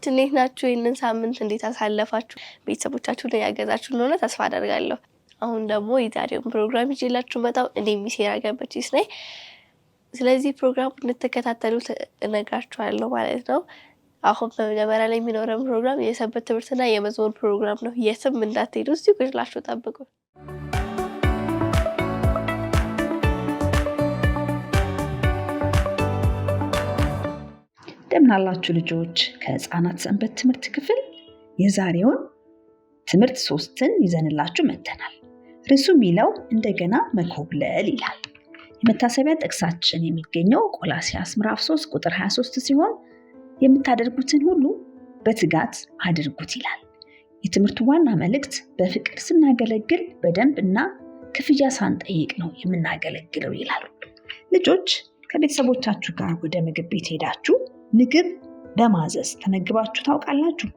ቤተሰቦች እንዴት ናችሁ? ይህንን ሳምንት እንዴት አሳለፋችሁ? ቤተሰቦቻችሁን ያገዛችሁ እንደሆነ ተስፋ አደርጋለሁ። አሁን ደግሞ የዛሬውን ፕሮግራም ይዤላችሁ መጣሁ። እኔ ሚሴራ ገመችስ ነኝ። ስለዚህ ፕሮግራም እንድትከታተሉ እነግራችኋለሁ ማለት ነው። አሁን በመጀመሪያ ላይ የሚኖረን ፕሮግራም የሰንበት ትምህርትና የመዝሙር ፕሮግራም ነው። የትም እንዳትሄዱ እዚሁ ቁጭ ብላችሁ ጠብቁ። እንደምናላችሁ ልጆች ከህፃናት ሰንበት ትምህርት ክፍል የዛሬውን ትምህርት ሶስትን ይዘንላችሁ መጥተናል። ርዕሱ የሚለው እንደገና መኮብለል ይላል። የመታሰቢያ ጥቅሳችን የሚገኘው ቆላሲያስ ምዕራፍ 3 ቁጥር 23 ሲሆን የምታደርጉትን ሁሉ በትጋት አድርጉት ይላል። የትምህርቱ ዋና መልእክት በፍቅር ስናገለግል በደንብ እና ክፍያ ሳንጠይቅ ነው የምናገለግለው ይላል። ልጆች ከቤተሰቦቻችሁ ጋር ወደ ምግብ ቤት ሄዳችሁ ምግብ በማዘዝ ተመግባችሁ ታውቃላችሁ?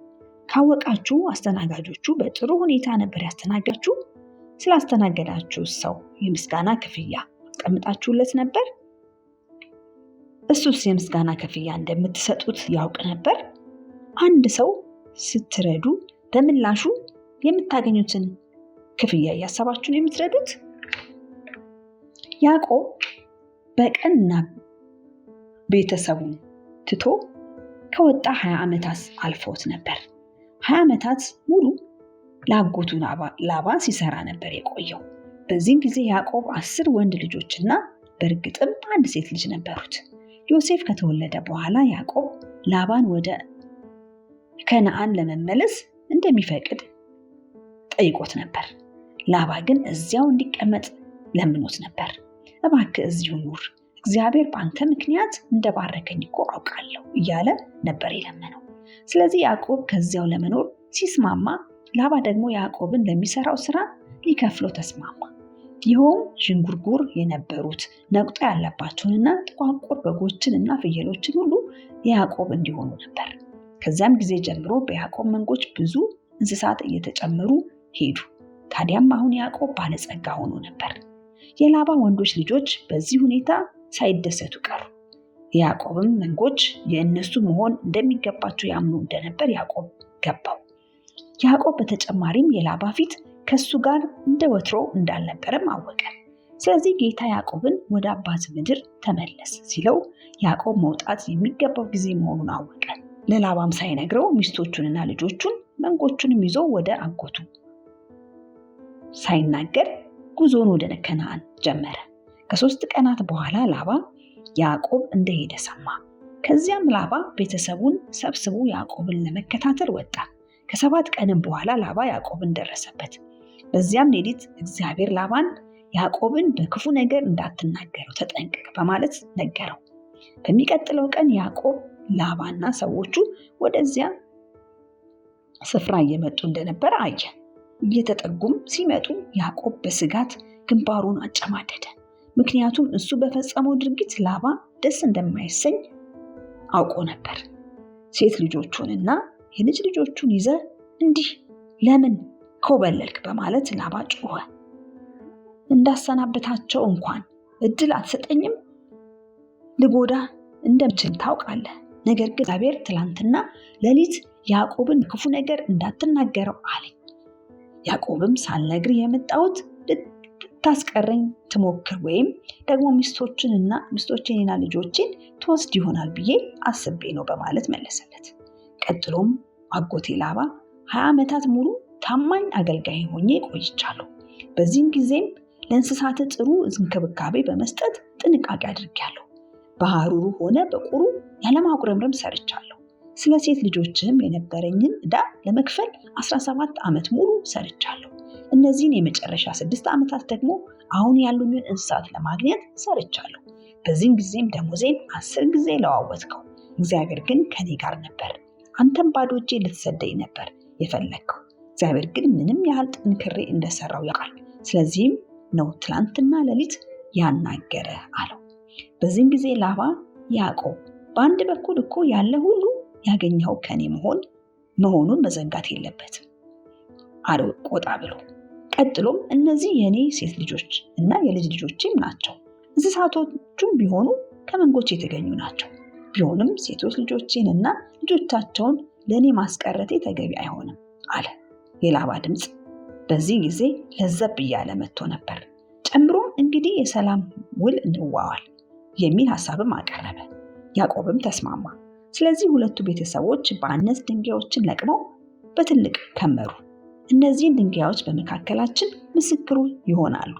ካወቃችሁ አስተናጋጆቹ በጥሩ ሁኔታ ነበር ያስተናጋችሁ? ስላስተናገዳችሁ ሰው የምስጋና ክፍያ አስቀምጣችሁለት ነበር? እሱስ የምስጋና ክፍያ እንደምትሰጡት ያውቅ ነበር? አንድ ሰው ስትረዱ በምላሹ የምታገኙትን ክፍያ እያሰባችሁ ነው የምትረዱት? ያዕቆብ በቀና ቤተሰቡን ትቶ ከወጣ 20 ዓመታት አልፎት ነበር። 20 ዓመታት ሙሉ ለአጎቱ ላባን ሲሰራ ነበር የቆየው። በዚህም ጊዜ ያዕቆብ አስር ወንድ ልጆችና በእርግጥም አንድ ሴት ልጅ ነበሩት። ዮሴፍ ከተወለደ በኋላ ያዕቆብ ላባን ወደ ከነአን ለመመለስ እንደሚፈቅድ ጠይቆት ነበር። ላባ ግን እዚያው እንዲቀመጥ ለምኖት ነበር። እባክህ እዚሁ ኑር እግዚአብሔር በአንተ ምክንያት እንደባረከኝ እኮ አውቃለሁ እያለ ነበር የለመነው። ስለዚህ ያዕቆብ ከዚያው ለመኖር ሲስማማ፣ ላባ ደግሞ ያዕቆብን ለሚሰራው ስራ ሊከፍለው ተስማማ። ይኸውም ዥንጉርጉር የነበሩት ነቁጣ ያለባቸውንና ጥቋቁር በጎችን እና ፍየሎችን ሁሉ የያዕቆብ እንዲሆኑ ነበር። ከዚያም ጊዜ ጀምሮ በያዕቆብ መንጎች ብዙ እንስሳት እየተጨመሩ ሄዱ። ታዲያም አሁን ያዕቆብ ባለጸጋ ሆኖ ነበር። የላባ ወንዶች ልጆች በዚህ ሁኔታ ሳይደሰቱ ቀሩ። ያዕቆብም መንጎች የእነሱ መሆን እንደሚገባቸው ያምኑ እንደነበር ያዕቆብ ገባው። ያዕቆብ በተጨማሪም የላባ ፊት ከእሱ ጋር እንደ ወትሮ እንዳልነበረም አወቀ። ስለዚህ ጌታ ያዕቆብን ወደ አባት ምድር ተመለስ ሲለው ያዕቆብ መውጣት የሚገባው ጊዜ መሆኑን አወቀ። ለላባም ሳይነግረው ሚስቶቹንና ልጆቹን መንጎቹንም ይዞ ወደ አጎቱ ሳይናገር ጉዞውን ወደ ከነዓን ጀመረ። ከሶስት ቀናት በኋላ ላባ ያዕቆብ እንደሄደ ሰማ። ከዚያም ላባ ቤተሰቡን ሰብስቦ ያዕቆብን ለመከታተል ወጣ። ከሰባት ቀንም በኋላ ላባ ያዕቆብን ደረሰበት። በዚያም ሌሊት እግዚአብሔር ላባን ያዕቆብን በክፉ ነገር እንዳትናገረው ተጠንቀቅ በማለት ነገረው። በሚቀጥለው ቀን ያዕቆብ ላባና ሰዎቹ ወደዚያ ስፍራ እየመጡ እንደነበረ አየ። እየተጠጉም ሲመጡ ያዕቆብ በስጋት ግንባሩን አጨማደደ። ምክንያቱም እሱ በፈጸመው ድርጊት ላባ ደስ እንደማይሰኝ አውቆ ነበር። ሴት ልጆቹንና የልጅ ልጆቹን ይዘ እንዲህ ለምን ኮበለልክ በማለት ላባ ጮኸ። እንዳሰናበታቸው እንኳን እድል አትሰጠኝም? ልጎዳ እንደምችል ታውቃለህ። ነገር ግን እግዚአብሔር ትላንትና ሌሊት ያዕቆብን ክፉ ነገር እንዳትናገረው አለኝ። ያዕቆብም ሳልነግር የመጣሁት ልታስቀረኝ ትሞክር ወይም ደግሞ ሚስቶችንና ሚስቶችንና ልጆችን ትወስድ ይሆናል ብዬ አስቤ ነው በማለት መለሰለት። ቀጥሎም አጎቴ ላባ ሀያ ዓመታት ሙሉ ታማኝ አገልጋይ ሆኜ ቆይቻለሁ። በዚህም ጊዜም ለእንስሳት ጥሩ እንክብካቤ በመስጠት ጥንቃቄ አድርጌያለሁ። በሐሩሩ ሆነ በቁሩ ያለማጉረምረም ሰርቻለሁ። ስለ ሴት ልጆችም የነበረኝን ዕዳ ለመክፈል 17 ዓመት ሙሉ ሰርቻለሁ። እነዚህን የመጨረሻ ስድስት ዓመታት ደግሞ አሁን ያሉኝን እንስሳት ለማግኘት ሰርቻለሁ። በዚህም ጊዜም ደሞዜን አስር ጊዜ ለዋወጥከው። እግዚአብሔር ግን ከኔ ጋር ነበር። አንተም ባዶ እጄ ልትሰደኝ ነበር የፈለግከው። እግዚአብሔር ግን ምንም ያህል ጥንክሬ እንደሰራው ያውቃል። ስለዚህም ነው ትላንትና ሌሊት ያናገረ አለው። በዚህም ጊዜ ላባ ያዕቆብ በአንድ በኩል እኮ ያለ ሁሉ ያገኘኸው ከኔ መሆን መሆኑን መዘንጋት የለበትም አለው ቆጣ ብሎ ቀጥሎም እነዚህ የእኔ ሴት ልጆች እና የልጅ ልጆችም ናቸው። እንስሳቶቹም ቢሆኑ ከመንጎች የተገኙ ናቸው። ቢሆንም ሴቶች ልጆቼን እና ልጆቻቸውን ለእኔ ማስቀረቴ ተገቢ አይሆንም አለ። የላባ ድምፅ በዚህ ጊዜ ለዘብ እያለ መጥቶ ነበር። ጨምሮም እንግዲህ የሰላም ውል እንዋዋል የሚል ሀሳብም አቀረበ። ያዕቆብም ተስማማ። ስለዚህ ሁለቱ ቤተሰቦች በአነስ ድንጋዮችን ለቅመው በትልቅ ከመሩ። እነዚህን ድንጋዮች በመካከላችን ምስክሩ ይሆናሉ።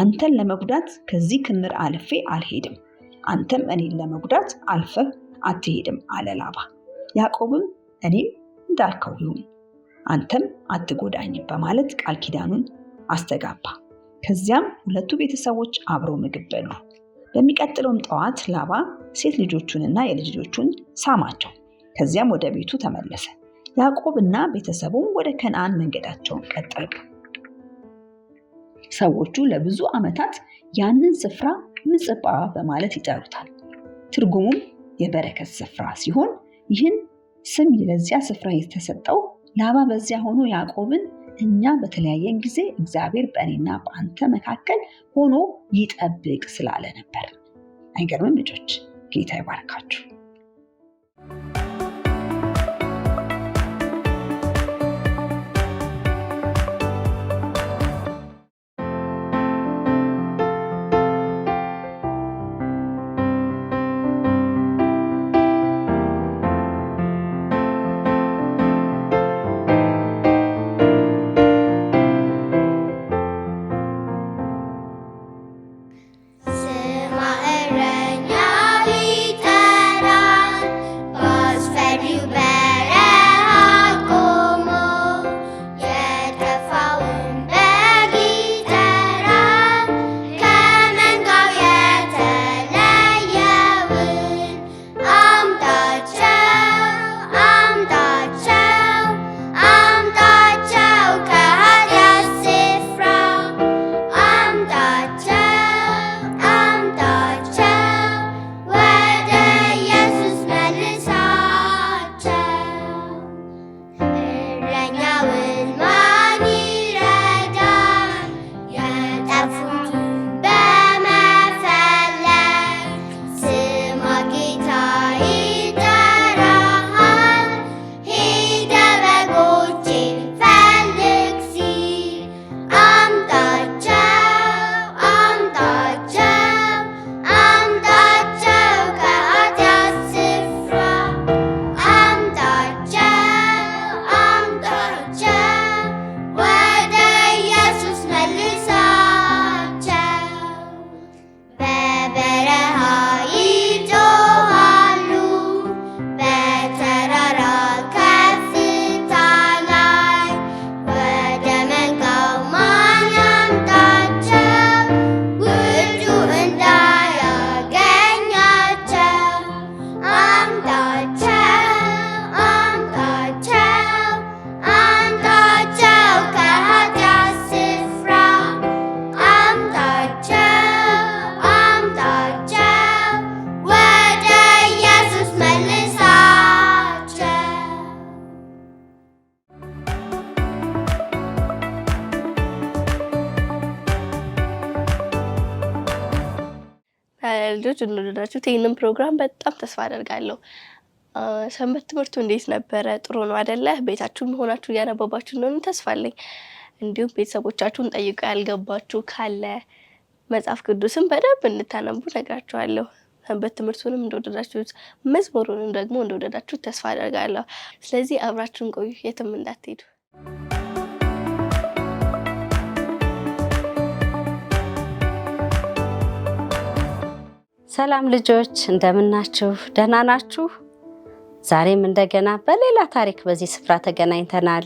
አንተን ለመጉዳት ከዚህ ክምር አልፌ አልሄድም፣ አንተም እኔን ለመጉዳት አልፈህ አትሄድም አለ ላባ። ያዕቆብም እኔም እንዳልከው ይሁን፣ አንተም አትጎዳኝም በማለት ቃል ኪዳኑን አስተጋባ። ከዚያም ሁለቱ ቤተሰቦች አብረው ምግብ በሉ። በሚቀጥለውም ጠዋት ላባ ሴት ልጆቹንና የልጅ ልጆቹን ሳማቸው። ከዚያም ወደ ቤቱ ተመለሰ። ያዕቆብና ቤተሰቡም ወደ ከነዓን መንገዳቸውን ቀጠሉ። ሰዎቹ ለብዙ ዓመታት ያንን ስፍራ ምጽጳ በማለት ይጠሩታል። ትርጉሙም የበረከት ስፍራ ሲሆን ይህን ስም ለዚያ ስፍራ የተሰጠው ላባ በዚያ ሆኖ ያዕቆብን እኛ በተለያየን ጊዜ እግዚአብሔር በእኔና በአንተ መካከል ሆኖ ይጠብቅ ስላለ ነበር። አይገርምም? ልጆች ጌታ ይባርካችሁ። ልጆች እንደወደዳችሁት ይህንን ፕሮግራም በጣም ተስፋ አደርጋለሁ። ሰንበት ትምህርቱ እንዴት ነበረ? ጥሩ ነው አደለ? ቤታችሁ መሆናችሁ እያነበባችሁ እንደሆነ ተስፋ አለኝ። እንዲሁም ቤተሰቦቻችሁን ጠይቀ ያልገባችሁ ካለ መጽሐፍ ቅዱስን በደንብ እንታነቡ ነግራችኋለሁ። ሰንበት ትምህርቱንም እንደወደዳችሁት መዝሙሩንም ደግሞ እንደወደዳችሁት ተስፋ አደርጋለሁ። ስለዚህ አብራችሁን ቆዩ፣ የትም እንዳትሄዱ። ሰላም ልጆች እንደምናችሁ፣ ደህና ናችሁ? ዛሬም እንደገና በሌላ ታሪክ በዚህ ስፍራ ተገናኝተናል።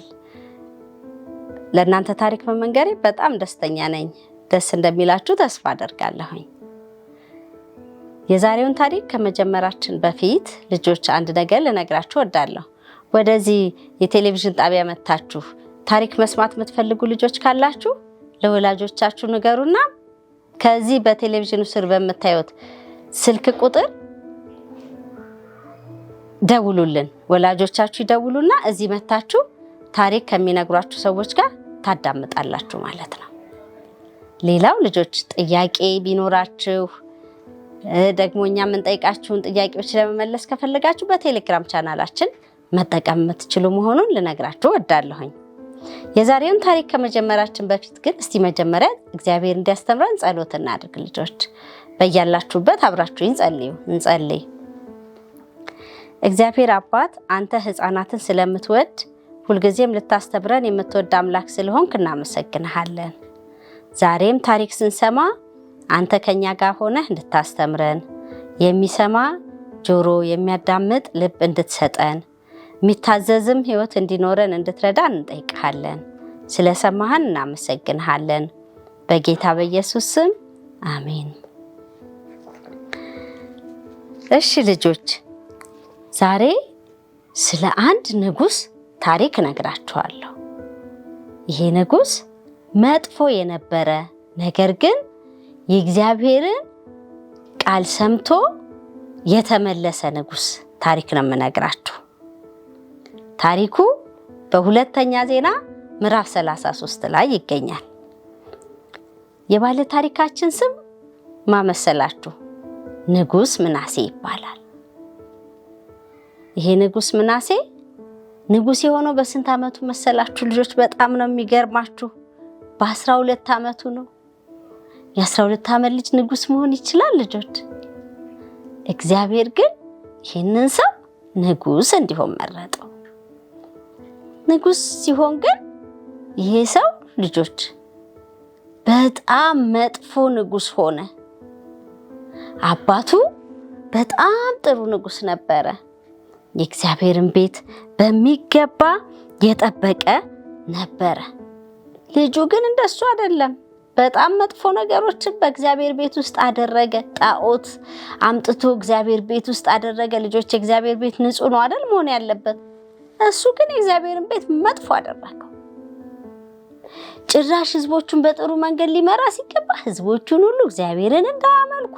ለእናንተ ታሪክ በመንገሬ በጣም ደስተኛ ነኝ። ደስ እንደሚላችሁ ተስፋ አደርጋለሁኝ። የዛሬውን ታሪክ ከመጀመራችን በፊት ልጆች አንድ ነገር ልነግራችሁ እወዳለሁ። ወደዚህ የቴሌቪዥን ጣቢያ መታችሁ ታሪክ መስማት የምትፈልጉ ልጆች ካላችሁ ለወላጆቻችሁ ንገሩና ከዚህ በቴሌቪዥኑ ስር በምታዩት ስልክ ቁጥር ደውሉልን። ወላጆቻችሁ ይደውሉና እዚህ መታችሁ ታሪክ ከሚነግሯችሁ ሰዎች ጋር ታዳምጣላችሁ ማለት ነው። ሌላው ልጆች ጥያቄ ቢኖራችሁ ደግሞ እኛ የምንጠይቃችሁን ጥያቄዎች ለመመለስ ከፈለጋችሁ በቴሌግራም ቻናላችን መጠቀም የምትችሉ መሆኑን ልነግራችሁ ወዳለሁኝ። የዛሬውን ታሪክ ከመጀመራችን በፊት ግን እስቲ መጀመሪያ እግዚአብሔር እንዲያስተምረን ጸሎት እናድርግ ልጆች። በያላችሁበት አብራችሁኝ ጸልዩ። እንጸልይ። እግዚአብሔር አባት አንተ ሕፃናትን ስለምትወድ ሁልጊዜም ልታስተምረን የምትወድ አምላክ ስለሆንክ እናመሰግንሃለን። ዛሬም ታሪክ ስንሰማ አንተ ከኛ ጋር ሆነህ እንድታስተምረን የሚሰማ ጆሮ የሚያዳምጥ ልብ እንድትሰጠን የሚታዘዝም ህይወት እንዲኖረን እንድትረዳ እንጠይቅሃለን። ስለሰማህን እናመሰግንሃለን። በጌታ በኢየሱስ ስም አሜን። እሺ ልጆች ዛሬ ስለ አንድ ንጉስ ታሪክ እነግራችኋለሁ። ይሄ ንጉስ መጥፎ የነበረ ነገር ግን የእግዚአብሔርን ቃል ሰምቶ የተመለሰ ንጉስ ታሪክ ነው የምነግራችሁ። ታሪኩ በሁለተኛ ዜና ምዕራፍ 33 ላይ ይገኛል። የባለ ታሪካችን ስም ማመሰላችሁ ንጉስ ምናሴ ይባላል። ይሄ ንጉስ ምናሴ ንጉስ የሆነው በስንት ዓመቱ መሰላችሁ ልጆች? በጣም ነው የሚገርማችሁ። በአስራ ሁለት ዓመቱ ነው። የአስራ ሁለት ዓመት ልጅ ንጉስ መሆን ይችላል ልጆች። እግዚአብሔር ግን ይህንን ሰው ንጉስ እንዲሆን መረጠው። ንጉስ ሲሆን ግን ይሄ ሰው ልጆች በጣም መጥፎ ንጉስ ሆነ። አባቱ በጣም ጥሩ ንጉስ ነበረ። የእግዚአብሔርን ቤት በሚገባ የጠበቀ ነበረ። ልጁ ግን እንደሱ አይደለም። በጣም መጥፎ ነገሮችን በእግዚአብሔር ቤት ውስጥ አደረገ። ጣዖት አምጥቶ እግዚአብሔር ቤት ውስጥ አደረገ። ልጆች፣ የእግዚአብሔር ቤት ንጹህ ነው አይደል መሆን ያለበት። እሱ ግን የእግዚአብሔርን ቤት መጥፎ አደረገው። ጭራሽ ህዝቦቹን በጥሩ መንገድ ሊመራ ሲገባ ህዝቦቹን ሁሉ እግዚአብሔርን እንዳያመልኩ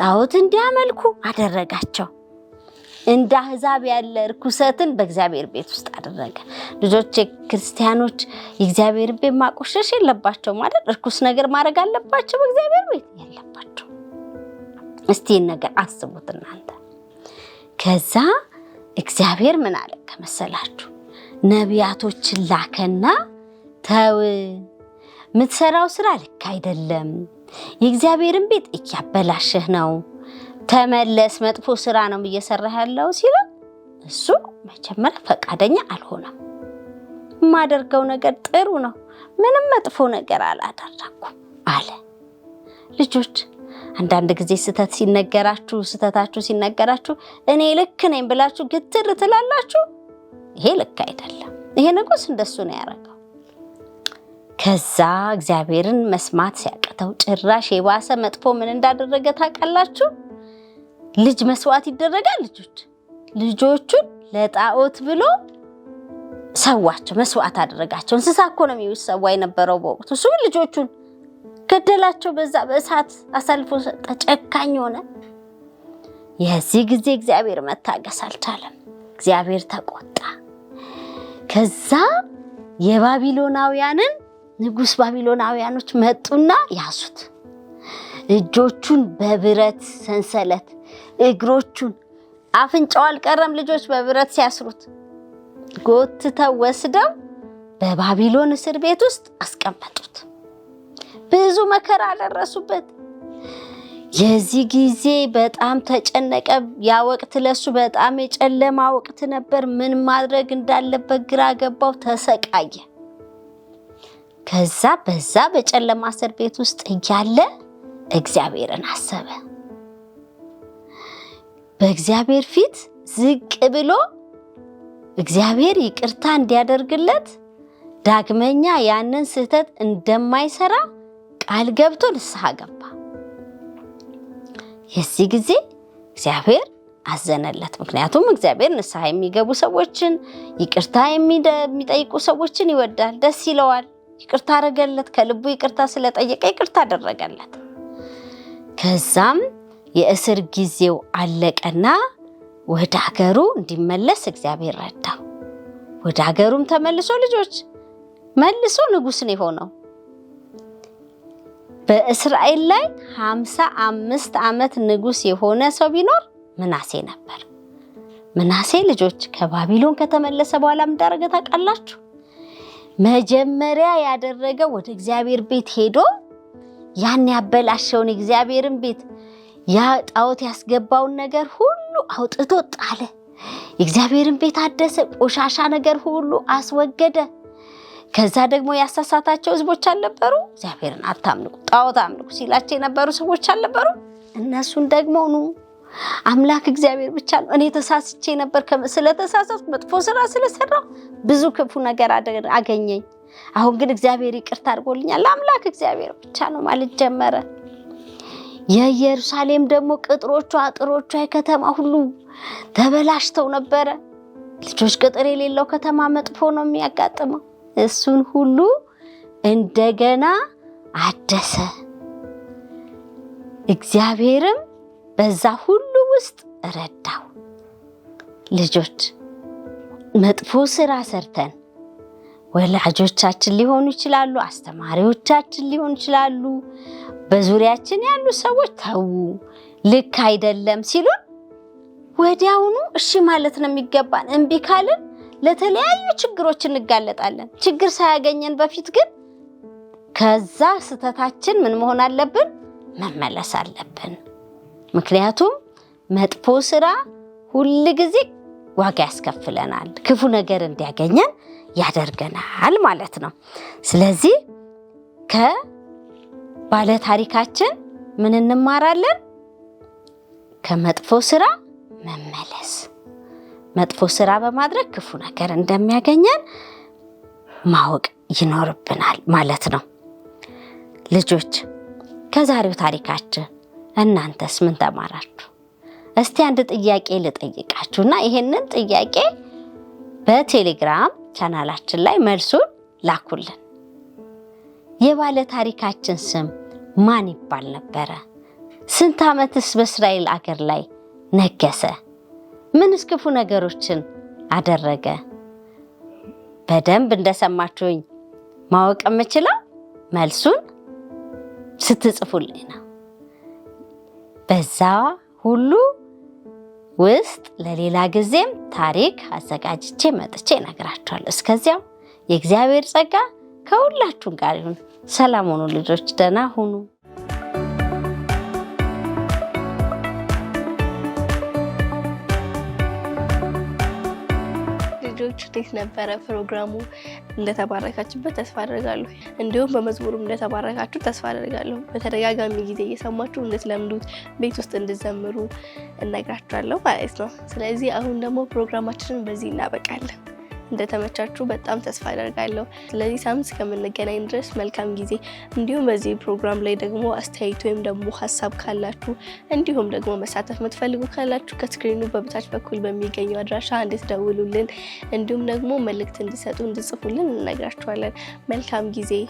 ጣዖት እንዲያመልኩ አደረጋቸው። እንደ አህዛብ ያለ እርኩሰትን በእግዚአብሔር ቤት ውስጥ አደረገ። ልጆች ክርስቲያኖች የእግዚአብሔር ቤት ማቆሸሽ የለባቸው ማለት እርኩስ ነገር ማድረግ አለባቸው በእግዚአብሔር ቤት የለባቸው። እስቲ ነገር አስቡት እናንተ። ከዛ እግዚአብሔር ምን አለ ከመሰላችሁ ነቢያቶችን ላከና ተው የምትሰራው ስራ ልክ አይደለም፣ የእግዚአብሔርን ቤት እያበላሸህ ነው፣ ተመለስ፣ መጥፎ ስራ ነው እየሰራህ ያለው ሲለ እሱ መጀመሪያ ፈቃደኛ አልሆነም። የማደርገው ነገር ጥሩ ነው፣ ምንም መጥፎ ነገር አላደረኩም አለ። ልጆች አንዳንድ ጊዜ ስህተት ሲነገራችሁ ስህተታችሁ ሲነገራችሁ እኔ ልክ ነኝ ብላችሁ ግትር ትላላችሁ። ይሄ ልክ አይደለም። ይሄ ንጉስ እንደሱ ነው ያደረገው። ከዛ እግዚአብሔርን መስማት ሲያቅተው ጭራሽ የባሰ መጥፎ ምን እንዳደረገ ታውቃላችሁ? ልጅ መስዋዕት ይደረጋል። ልጆች ልጆቹን ለጣዖት ብሎ ሰዋቸው፣ መስዋዕት አደረጋቸው። እንስሳ እኮ ነው የሚሰዋ የነበረው በወቅቱ። እሱም ልጆቹን ገደላቸው፣ በዛ በእሳት አሳልፎ ሰጠ። ጨካኝ ሆነ። የዚህ ጊዜ እግዚአብሔር መታገስ አልቻለም። እግዚአብሔር ተቆጣ። ከዛ የባቢሎናውያንን ንጉሥ ባቢሎናውያኖች መጡና ያዙት። እጆቹን በብረት ሰንሰለት፣ እግሮቹን፣ አፍንጫው አልቀረም። ልጆች በብረት ሲያስሩት ጎትተው ወስደው በባቢሎን እስር ቤት ውስጥ አስቀመጡት። ብዙ መከራ አደረሱበት። የዚህ ጊዜ በጣም ተጨነቀ። ያ ወቅት ለሱ በጣም የጨለማ ወቅት ነበር። ምን ማድረግ እንዳለበት ግራ ገባው፣ ተሰቃየ። ከዛ በዛ በጨለማ እስር ቤት ውስጥ እያለ እግዚአብሔርን አሰበ። በእግዚአብሔር ፊት ዝቅ ብሎ እግዚአብሔር ይቅርታ እንዲያደርግለት ዳግመኛ ያንን ስህተት እንደማይሰራ ቃል ገብቶ ንስሐ ገባ። የዚህ ጊዜ እግዚአብሔር አዘነለት። ምክንያቱም እግዚአብሔር ንስሐ የሚገቡ ሰዎችን፣ ይቅርታ የሚጠይቁ ሰዎችን ይወዳል፣ ደስ ይለዋል። ይቅርታ አደረገለት። ከልቡ ይቅርታ ስለጠየቀ ይቅርታ አደረገለት። ከዛም የእስር ጊዜው አለቀና ወደ ሀገሩ እንዲመለስ እግዚአብሔር ረዳው። ወደ ሀገሩም ተመልሶ ልጆች መልሶ ንጉስ ነው የሆነው። በእስራኤል ላይ ሀምሳ አምስት ዓመት ንጉስ የሆነ ሰው ቢኖር ምናሴ ነበር። ምናሴ ልጆች ከባቢሎን ከተመለሰ በኋላ ምን እንዳደረገ ታውቃላችሁ? መጀመሪያ ያደረገው ወደ እግዚአብሔር ቤት ሄዶ ያን ያበላሸውን እግዚአብሔርን ቤት ያ ጣዖት ያስገባውን ነገር ሁሉ አውጥቶ ጣለ። የእግዚአብሔርን ቤት አደሰ። ቆሻሻ ነገር ሁሉ አስወገደ። ከዛ ደግሞ ያሳሳታቸው ህዝቦች አልነበሩ? እግዚአብሔርን አታምልኩ ጣዖት አምልኩ ሲላቸው የነበሩ ሰዎች አልነበሩ? እነሱን ደግሞ ኑ አምላክ እግዚአብሔር ብቻ ነው። እኔ ተሳስቼ ነበር። ስለተሳሳት መጥፎ ስራ ስለሰራው ብዙ ክፉ ነገር አገኘኝ። አሁን ግን እግዚአብሔር ይቅርታ አድርጎልኛል። ለአምላክ እግዚአብሔር ብቻ ነው ማለት ጀመረ። የኢየሩሳሌም ደግሞ ቅጥሮቿ አጥሮቿ የከተማ ሁሉ ተበላሽተው ነበረ። ልጆች ቅጥር የሌለው ከተማ መጥፎ ነው የሚያጋጥመው። እሱን ሁሉ እንደገና አደሰ እግዚአብሔርም በዛ ሁሉ ውስጥ ረዳው። ልጆች መጥፎ ስራ ሰርተን ወላጆቻችን ሊሆኑ ይችላሉ፣ አስተማሪዎቻችን ሊሆኑ ይችላሉ፣ በዙሪያችን ያሉ ሰዎች ተዉ፣ ልክ አይደለም ሲሉን ወዲያውኑ እሺ ማለት ነው የሚገባን። እምቢ ካልን ለተለያዩ ችግሮች እንጋለጣለን። ችግር ሳያገኘን በፊት ግን ከዛ ስህተታችን ምን መሆን አለብን? መመለስ አለብን። ምክንያቱም መጥፎ ስራ ሁል ጊዜ ዋጋ ያስከፍለናል፣ ክፉ ነገር እንዲያገኘን ያደርገናል ማለት ነው። ስለዚህ ከባለ ታሪካችን ምን እንማራለን? ከመጥፎ ስራ መመለስ፣ መጥፎ ስራ በማድረግ ክፉ ነገር እንደሚያገኘን ማወቅ ይኖርብናል ማለት ነው። ልጆች ከዛሬው ታሪካችን እናንተስ ምን ተማራችሁ? እስቲ አንድ ጥያቄ ልጠይቃችሁ እና ይሄንን ጥያቄ በቴሌግራም ቻናላችን ላይ መልሱን ላኩልን። የባለ ታሪካችን ስም ማን ይባል ነበረ? ስንት ዓመትስ በእስራኤል አገር ላይ ነገሰ? ምንስ ክፉ ነገሮችን አደረገ? በደንብ እንደሰማችሁኝ ማወቅ የምችለው መልሱን ስትጽፉልኝ ነው። በዛ ሁሉ ውስጥ ለሌላ ጊዜም ታሪክ አዘጋጅቼ መጥቼ እነግራችኋለሁ። እስከዚያም የእግዚአብሔር ጸጋ ከሁላችሁም ጋር ይሁን። ሰላም ሁኑ ልጆች፣ ደህና ሁኑ። ተማሪዎች እንዴት ነበረ ፕሮግራሙ? እንደተባረካችሁበት ተስፋ አደርጋለሁ። እንዲሁም በመዝሙሩም እንደተባረካችሁ ተስፋ አደርጋለሁ። በተደጋጋሚ ጊዜ እየሰማችሁ እንድትለምዱት ቤት ውስጥ እንድዘምሩ እነግራችኋለሁ ማለት ነው። ስለዚህ አሁን ደግሞ ፕሮግራማችንን በዚህ እናበቃለን። እንደተመቻችሁ በጣም ተስፋ አደርጋለሁ። ስለዚህ ሳምንት እስከምንገናኝ ድረስ መልካም ጊዜ። እንዲሁም በዚህ ፕሮግራም ላይ ደግሞ አስተያየት ወይም ደግሞ ሀሳብ ካላችሁ እንዲሁም ደግሞ መሳተፍ የምትፈልጉ ካላችሁ ከስክሪኑ በበታች በኩል በሚገኘው አድራሻ እንድትደውሉልን እንዲሁም ደግሞ መልእክት እንዲሰጡ እንድጽፉልን እንነግራችኋለን። መልካም ጊዜ